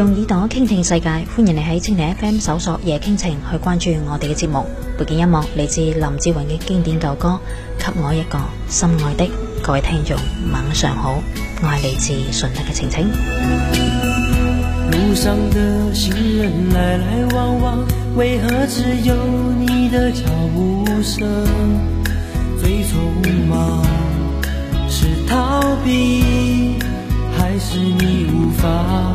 用耳朵傾聽世界，歡迎你喺蜻蜓 FM 搜索「夜傾情」，去關注我哋嘅節目。背景音樂嚟自林志穎嘅經典舊歌《給我一個心愛的》。各位聽眾晚上好，我係嚟自順德嘅晴晴。路上的行人來來往往，為何只有你的腳步聲最匆忙，是逃避還是你無法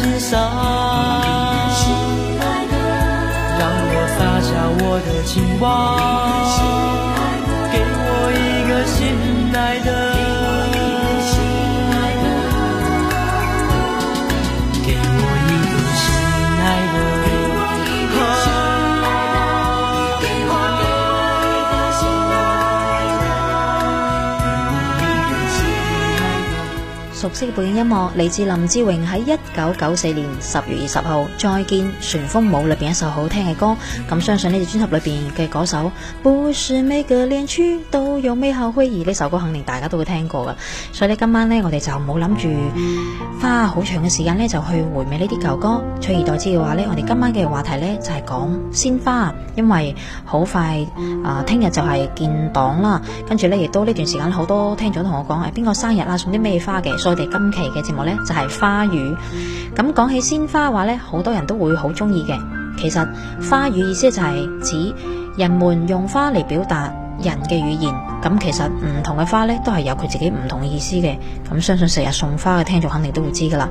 心上，讓我撒下我的情網。識嘅背景音樂嚟自林志穎喺一九九四年十月二十號，再見旋風舞裏邊一首好聽嘅歌，咁相信呢隻專輯裏邊嘅嗰首不是每個戀曲都有美好回憶呢首歌肯定大家都會聽過噶，所以咧今晚咧我哋就冇諗住花好長嘅時間咧就去回味呢啲舊歌，取而代之嘅話咧，我哋今晚嘅話題咧就係講鮮花，因為好快、呃很哎、啊，聽日就係建黨啦，跟住咧亦都呢段時間好多聽眾同我講係邊個生日啦，送啲咩花嘅，所以今期嘅節目呢，就係花語，咁講起鮮花話呢，好多人都會好中意嘅。其實花語意思就係指人們用花嚟表達人嘅語言。咁其實唔同嘅花呢，都係有佢自己唔同嘅意思嘅。咁相信成日送花嘅聽眾肯定都會知噶啦，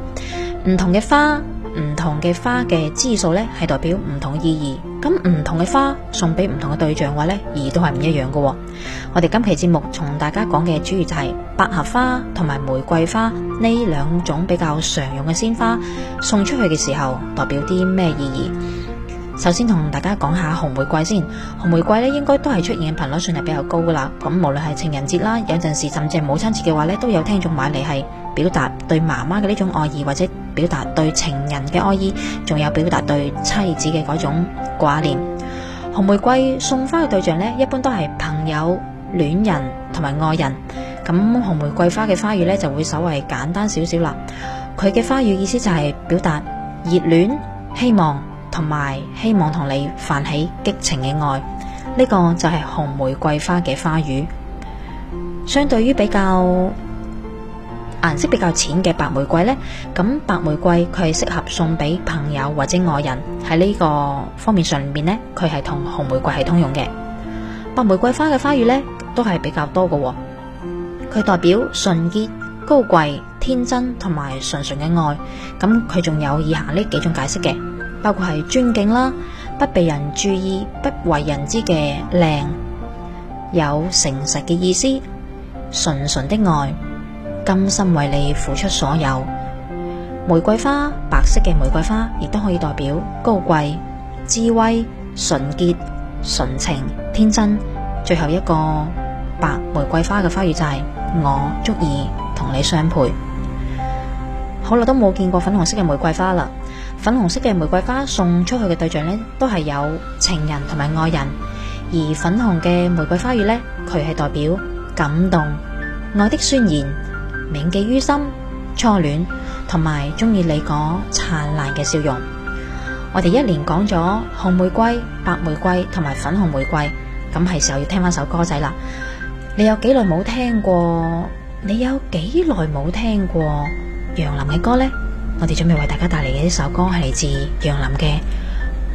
唔同嘅花。唔同嘅花嘅支數咧，係代表唔同意義。咁唔同嘅花送俾唔同嘅對象嘅話咧，意義都係唔一樣嘅喎。我哋今期節目同大家講嘅主要就係百合花同埋玫瑰花呢兩種比較常用嘅鮮花送出去嘅時候，代表啲咩意義？首先同大家講下紅玫瑰先。紅玫瑰咧，應該都係出現嘅頻率算係比較高㗎啦。咁無論係情人節啦，有陣時甚至係母親節嘅話咧，都有聽眾買嚟，係表達對媽媽嘅呢種愛意或者。表達對情人嘅愛意，仲有表達對妻子嘅嗰種掛念。紅玫瑰送花嘅對象呢，一般都係朋友、戀人同埋愛人。咁紅玫瑰花嘅花語呢，就會稍為簡單少少啦。佢嘅花語意思就係表達熱戀、希望同埋希望同你泛起激情嘅愛。呢個就係紅玫瑰花嘅花語。相對於比較。顏色比較淺嘅白玫瑰呢，咁白玫瑰佢係適合送俾朋友或者愛人，喺呢個方面上面呢，佢係同紅玫瑰係通用嘅。白玫瑰花嘅花語呢，都係比較多嘅，佢代表純潔、高貴、天真同埋純純嘅愛。咁佢仲有以下呢幾種解釋嘅，包括係尊敬啦、不被人注意、不為人知嘅靚，有誠實嘅意思、純純的愛，甘心為你付出所有，玫瑰花，白色嘅玫瑰花亦都可以代表高貴、智慧、純潔、純情、天真。最後一個白玫瑰花嘅花語就係我足以同你相配。好耐都冇見過粉紅色嘅玫瑰花啦。粉紅色嘅玫瑰花送出去嘅對象呢，都係有情人同埋愛人。而粉紅嘅玫瑰花語呢，佢係代表感動、愛的宣言。銘記於心，初戀同埋中意你嗰燦爛嘅笑容。我哋一連講咗紅玫瑰、白玫瑰同埋粉紅玫瑰，咁係時候要聽翻首歌仔啦。你有幾耐冇聽過？你有幾耐冇聽過楊林嘅歌呢？我哋準備為大家帶嚟嘅呢首歌係嚟自楊林嘅《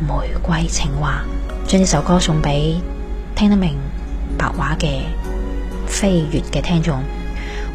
玫瑰情話》，將呢首歌送俾聽得明白話嘅非粵嘅聽眾。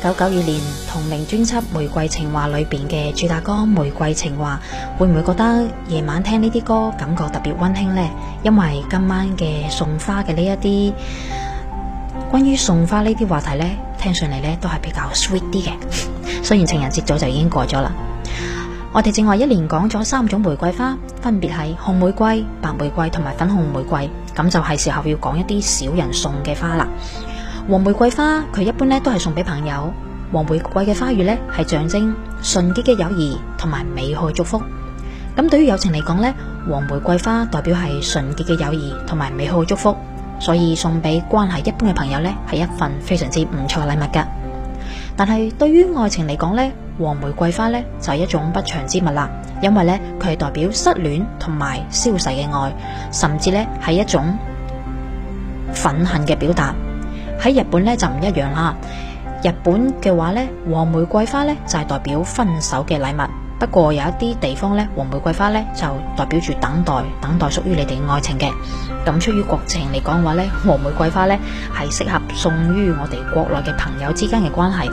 九九二年同名專輯《玫瑰情話》裏邊嘅主打歌《玫瑰情話》，會唔會覺得夜晚聽呢啲歌感覺特別溫馨呢？因為今晚嘅送花嘅呢一啲關於送花呢啲話題呢，聽上嚟呢都係比較 sweet 啲嘅。 雖然情人節早就已經過咗啦，我哋正話一連講咗三種玫瑰花，分別係紅玫瑰、白玫瑰同埋粉紅玫瑰，咁就係時候要講一啲小人送嘅花啦。黃玫瑰花佢一般咧都係送俾朋友。黃玫瑰嘅花語咧係象徵純潔嘅友誼同埋美好祝福。咁對於友情嚟講咧，黃玫瑰花代表係純潔嘅友誼同埋美好祝福，所以送俾關係一般嘅朋友咧係一份非常之唔錯嘅禮物噶。但係對於愛情嚟講咧，黃玫瑰花咧就係一種不祥之物啦，因為咧佢係代表失戀同埋消逝嘅愛，甚至咧係一種憤恨嘅表達。喺日本咧就唔一樣啦。日本嘅話咧，黃玫瑰花咧就係代表分手嘅禮物。不過有一啲地方咧，黃玫瑰花咧就代表住等待，等待屬於你哋嘅愛情嘅。咁出於國情嚟講嘅話咧，黃玫瑰花咧係適合送於我哋國內嘅朋友之間嘅關係。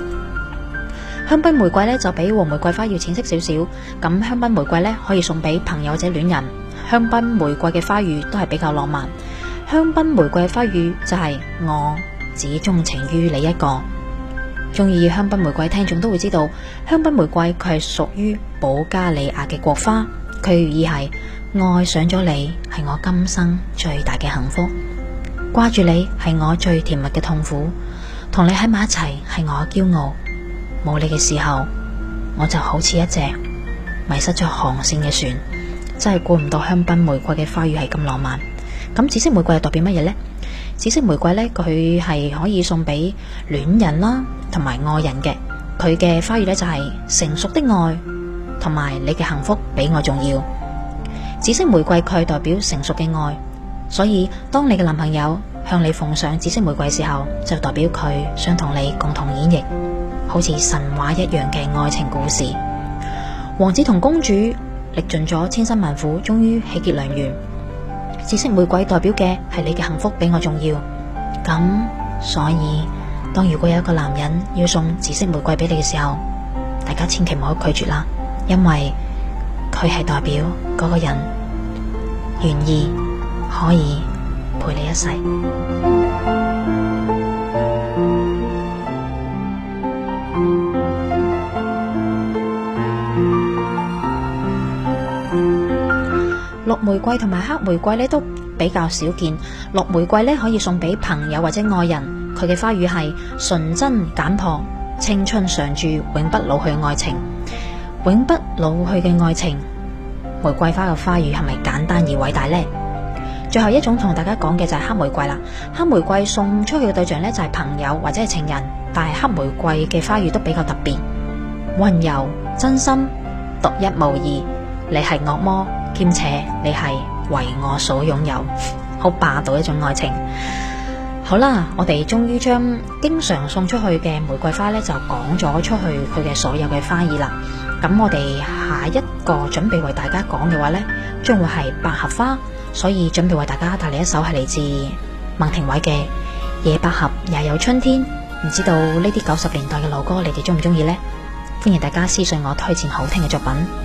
香檳玫瑰咧就比黃玫瑰花要淺色少少。咁香檳玫瑰咧可以送俾朋友者戀人。香檳玫瑰嘅花語都係比較浪漫。香檳玫瑰花語就係我。只鍾情於你一個，鍾意香檳玫瑰，聽眾都會知道，香檳玫瑰佢係屬於保加利亞嘅國花，佢寓意係愛上咗你係我今生最大嘅幸福，掛住你係我最甜蜜嘅痛苦，同你喺埋一齊係我嘅驕傲，冇你嘅時候，我就好似一隻迷失咗航綫嘅船。真係估唔到香檳玫瑰嘅花語係咁浪漫，咁紫色玫瑰又代表乜嘢呢？紫色玫瑰咧，佢係可以送俾戀人啦，啊，同埋愛人嘅。佢嘅花語咧就係、是、成熟的愛，同埋你嘅幸福比我重要。紫色玫瑰佢代表成熟嘅愛，所以當你嘅男朋友向你奉上紫色玫瑰時候，就代表佢想同你共同演繹好似神話一樣嘅愛情故事。王子同公主歷盡咗千辛萬苦，終於喜結良緣。紫色玫瑰代表嘅係你嘅幸福比我重要，咁所以當如果有一個男人要送紫色玫瑰俾你嘅時候，大家千祈唔好拒絕啦，因為佢係代表嗰個人願意可以陪你一世。玫瑰同埋黑玫瑰咧，都比較少見。綠玫瑰咧，可以送俾朋友或者愛人，佢嘅花語係純真簡樸、青春常駐、永不老去嘅愛情。永不老去嘅愛情，玫瑰花嘅花語係咪簡單而偉大呢？最後一種同大家講嘅就係黑玫瑰啦。黑玫瑰送出去嘅對象咧就係朋友或者係情人，但係黑玫瑰嘅花語都比較特別，溫柔、真心、獨一無二。你係惡魔。兼且你係為我所擁有，好霸道一種愛情。好啦，我哋終於將經常送出去嘅玫瑰花咧，就講咗出去佢嘅所有嘅花意啦。咁我哋下一個準備為大家講嘅話呢，將會係百合花，所以準備為大家帶嚟一首係嚟自孟庭葦嘅《野百合也有春天》。唔知道呢啲九十年代嘅老歌，你哋中唔中意呢？歡迎大家私信我推薦好聽嘅作品。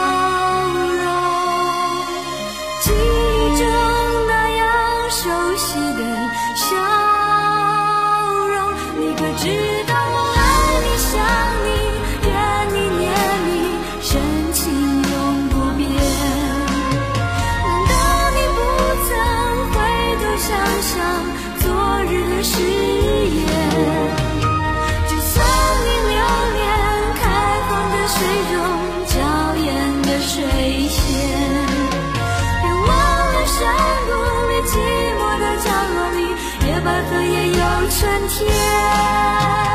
春天。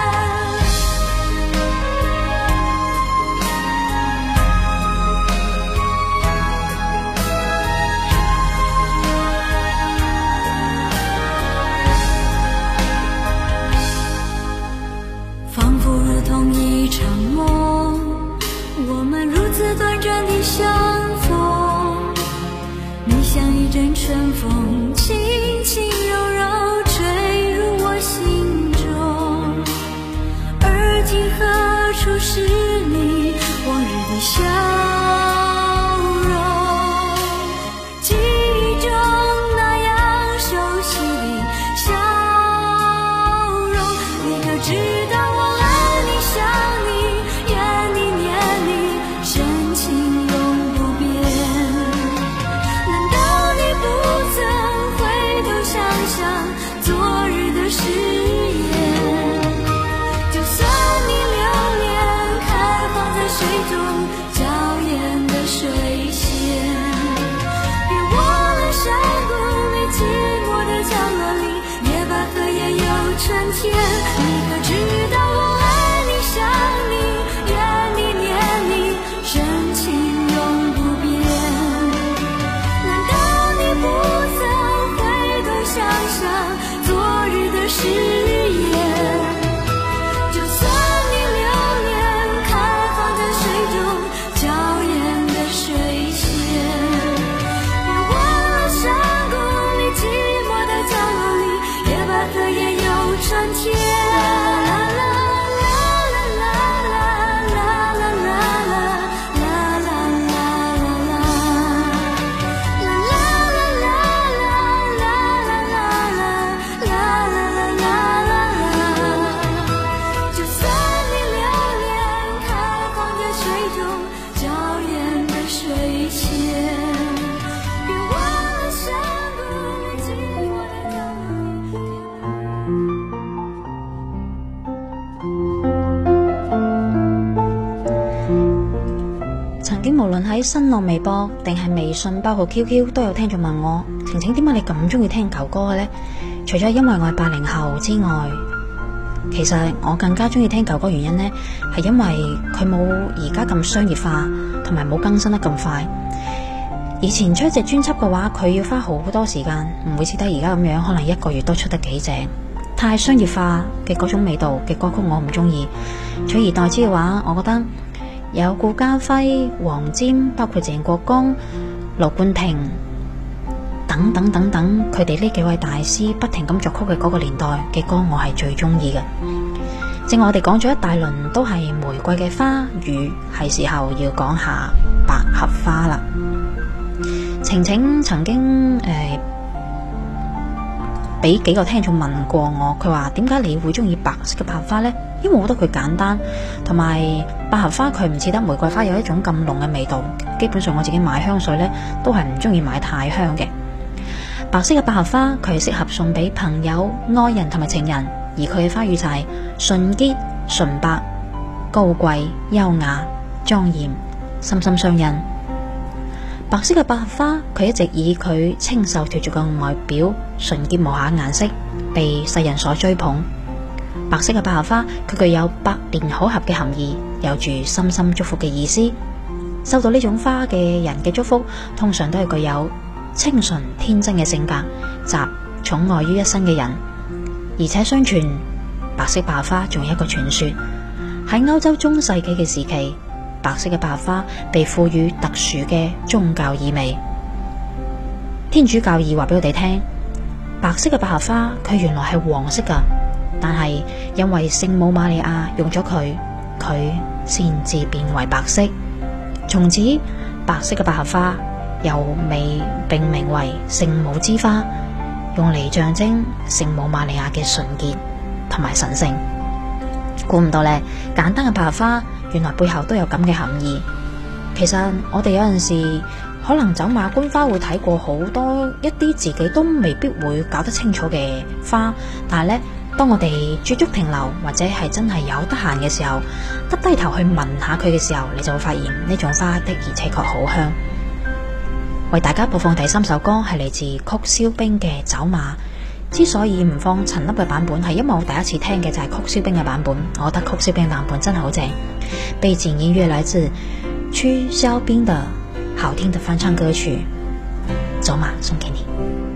新浪微博定係微信、包括 QQ 都有聽眾問我，晴晴點解你咁中意聽舊歌嘅咧？除咗因為我係八零後之外，其實我更加中意聽舊歌原因呢，係因為佢冇而家咁商業化，同埋冇更新得咁快。以前出一隻專輯嘅話，佢要花好多時間，唔會似得而家咁樣，可能一個月都出得幾隻。太商業化嘅嗰種味道嘅歌曲，我唔中意。取而代之嘅話，我覺得。有顧家輝、黃霑，包括鄭國江、盧冠廷等等等等，佢哋呢幾位大師不停咁作曲嘅嗰個年代嘅歌，我是最喜歡的，我係最中意嘅。正我哋講咗一大輪都係玫瑰嘅花語，係時候要講下百合花啦。晴晴曾經誒，俾、呃、幾個聽眾問過我，佢話，點解你會中意白色嘅百合花呢？因為我覺得佢簡單，同埋百合花佢唔似得玫瑰花有一種咁濃嘅味道。基本上我自己買香水呢，都係唔中意買太香嘅。白色嘅百合花，佢係適合送俾朋友、愛人同埋情人。而佢嘅花語就係純潔、純白、高貴、優雅、莊嚴、深深相印。白色嘅百合花，佢一直以佢清秀脫俗嘅外表、純潔無瑕顏色，被世人所追捧。白色嘅百合花，佢具有百年好合嘅含義，有住深深祝福嘅意思。收到呢種花嘅人嘅祝福，通常都係具有清純天真嘅性格，集寵愛於一身嘅人。而且相傳白色百合花仲有一個傳說，喺歐洲中世紀嘅時期，白色嘅百合花被賦予特殊嘅宗教意味。天主教義話俾我哋聽，白色嘅百合花，佢原來係黃色噶。但係因為聖母瑪利亞用咗佢，佢先至變為白色。從此白色嘅百合花又被命名為聖母之花，用嚟象徵聖母瑪利亞嘅純潔同埋神聖。估唔到咧，簡單嘅百合花原來背後都有咁嘅含義。其實我哋有陣時可能走馬觀花會睇過好多一啲自己都未必會搞得清楚嘅花，但係咧。當我哋駐足停留，或者係真係有得閒嘅時候，耷低頭去聞下佢嘅時候，你就會發現呢種花的而且確好香。為大家播放第三首歌，係嚟自曲肖冰嘅《走馬》。之所以唔放陳粒嘅版本，係因為我第一次聽嘅就係曲肖冰嘅版本，我覺得曲肖冰嘅版本真係好正。背景音樂來自曲肖冰的好聽的翻唱歌曲《走馬》，送給你。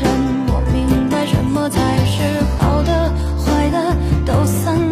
我明白什麼才是好的，壞的都散。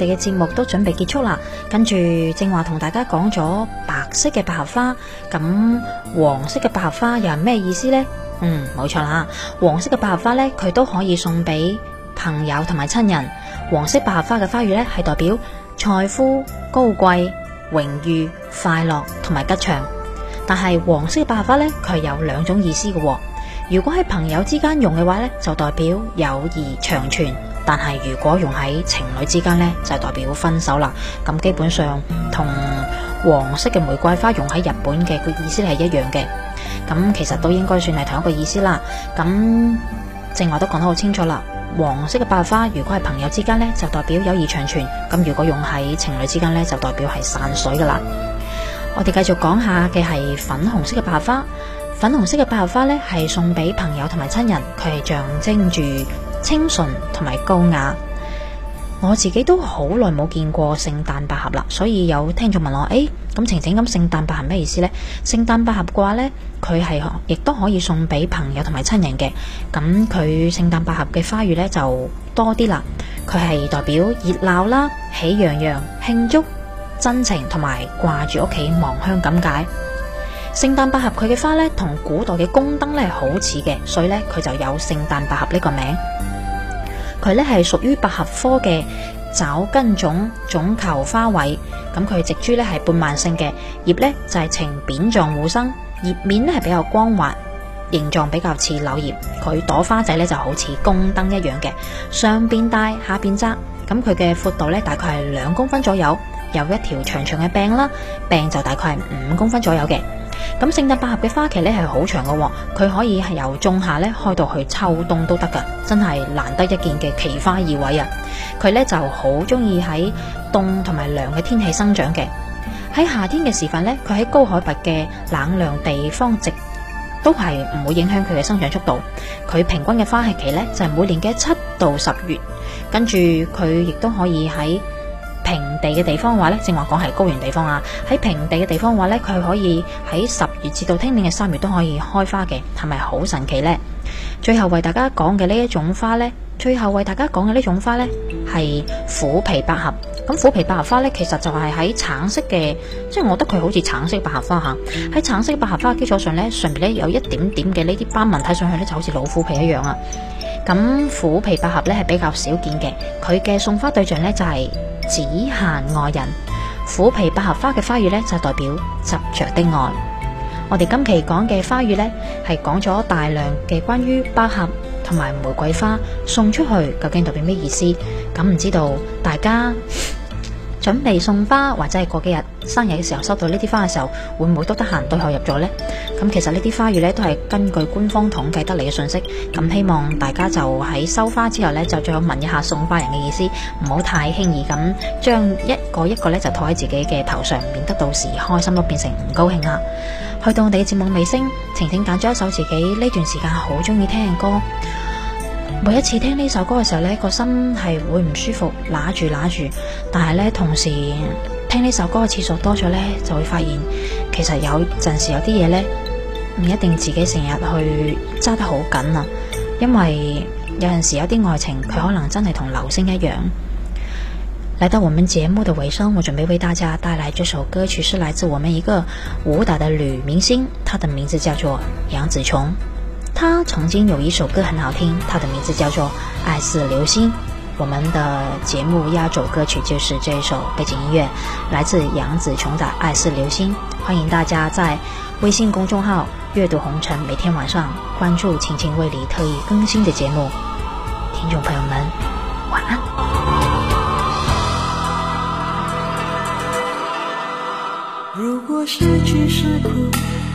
我哋嘅節目都準備結束啦，跟住正話同大家講咗白色嘅百合花，咁黃色嘅百合花又係咩意思呢？嗯，冇錯啦，黃色嘅百合花咧，佢都可以送俾朋友同埋親人。黃色百合花嘅花語咧係代表財富、高貴、榮譽、快樂同埋吉祥。但係黃色嘅百合花咧，佢有兩種意思嘅喎。如果喺朋友之間用嘅話咧，就代表友誼長存。但係如果用喺情侶之間呢，就代表分手啦。咁基本上同黃色嘅玫瑰花用喺日本嘅個意思係一樣嘅。咁其實都應該算係同一個意思啦。咁正話都講得好清楚啦。黃色嘅百合花如果係朋友之間呢，就代表友誼長存；咁如果用喺情侶之間呢，就代表係散水噶啦。我哋繼續講下嘅係粉紅色嘅百合花。粉紅色嘅百合花呢，係送俾朋友同埋親人，佢係象徵住。清純同埋高雅，我自己都好耐冇見過聖誕百合啦，所以有聽眾問我，誒、哎、咁晴晴咁聖誕百合咩意思呢？聖誕百合嘅話呢，佢係亦都可以送俾朋友同埋親人嘅。咁佢聖誕百合嘅花語呢，就多啲啦，佢係代表熱鬧啦、喜洋洋、慶祝、真情同埋掛住屋企望鄉咁解。聖誕百合佢嘅花咧，同古代嘅宮燈咧係好似嘅，所以咧佢就有聖誕百合呢個名。佢咧係屬於百合科嘅爪根種種球花卉。咁佢植株咧係半蔓性嘅，葉咧就係呈扁狀互生，葉面咧係比較光滑，形狀比較似柳葉。佢朵花仔咧就好似宮燈一樣嘅，上邊大，下邊窄。咁佢嘅闊度咧大概係兩公分左右，有一條長長嘅柄啦，柄就大概係五公分左右嘅。咁聖誕百合嘅花期咧係好長噶哦，佢可以係由仲夏咧開到去秋冬都得噶，真係難得一見嘅奇花異卉啊！佢咧就好中意喺凍同埋涼嘅天氣生長嘅，喺夏天嘅時分咧，佢喺高海拔嘅冷涼地方植都係唔會影響佢嘅生長速度。佢平均嘅花期期咧就係每年嘅七到十月，跟住佢亦都可以喺。平地嘅地方嘅話咧，正話講係高原地方啊。喺平地嘅地方嘅話咧，佢可以喺十月至到聽年嘅三月都可以開花嘅，係咪好神奇呢！最後為大家講嘅呢一種花咧，最後為大家講嘅呢種花咧係虎皮百合。咁虎皮百合花呢，其實就係喺橙色嘅，即係我覺得佢好似橙色百合花行喺橙色百合花基礎上呢，上面咧有一點點嘅呢啲斑紋，睇上去呢就好似老虎皮一樣啊。咁虎皮百合呢，係比較少見嘅，佢嘅送花對象呢，就係、是。只限愛人，虎皮百合花嘅花語呢就代表執着的愛。我哋今期講嘅花語呢，係講咗大量嘅關於百合同埋玫瑰花送出去究竟代表咩意思？咁唔知道大家，準備送花或者係過幾日生日嘅時候收到呢啲花嘅時候，會唔會都得閒對號入座呢？咁其實呢啲花語呢，都係根據官方統計得嚟嘅信息，咁希望大家就喺收花之後呢，就最好問一下送花人嘅意思，唔好太輕易咁將一個一個咧就套喺自己嘅頭上，免得到時開心都變成唔高興啦。去到我哋嘅節目尾聲，晴晴揀咗一首自己呢段時間好中意聽嘅歌。每一次聽呢首歌嘅時候呢，個心係會唔舒服，拿住拿住。但係呢，同時聽呢首歌嘅次數多咗呢，就會發現其實有陣時有啲嘢呢，唔一定自己成日去揸得好緊啊。因為有陣時有啲愛情，佢可能真係同流星一樣。來到我們節目的尾聲，我準備為大家帶來這首歌曲，是來自我們一個舞蹈的女明星，她的名字叫做楊紫瓊。他曾經有一首歌很好聽，他的名字叫做《愛似流星》。我們的節目壓軸歌曲就是這一首背景音樂，來自楊紫瓊的《愛似流星》。歡迎大家在微信公眾號“閱讀紅塵”每天晚上關注“晴晴為你”特意更新的節目。聽眾朋友們，晚安。如果失去是苦。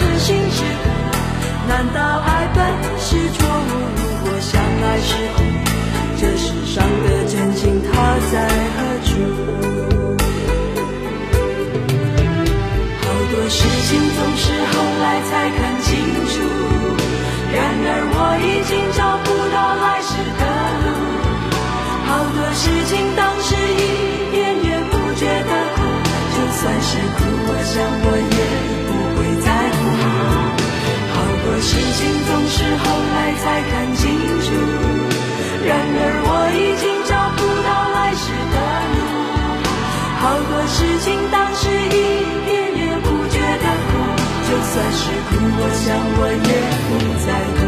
癡心是苦，難道愛本是錯誤？如果相愛是苦，這世上的真情它在何處？好多事情總是後來才看清楚，然而我已經找不到來時的路。好多事情當。事情當時一點也不覺得苦，就算是苦，我想我也不在乎。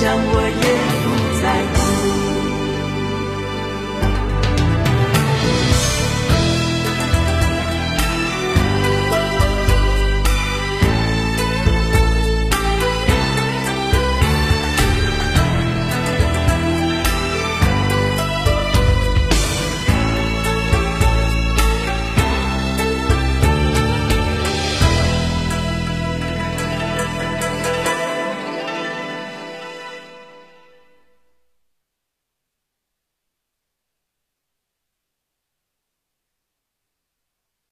像我。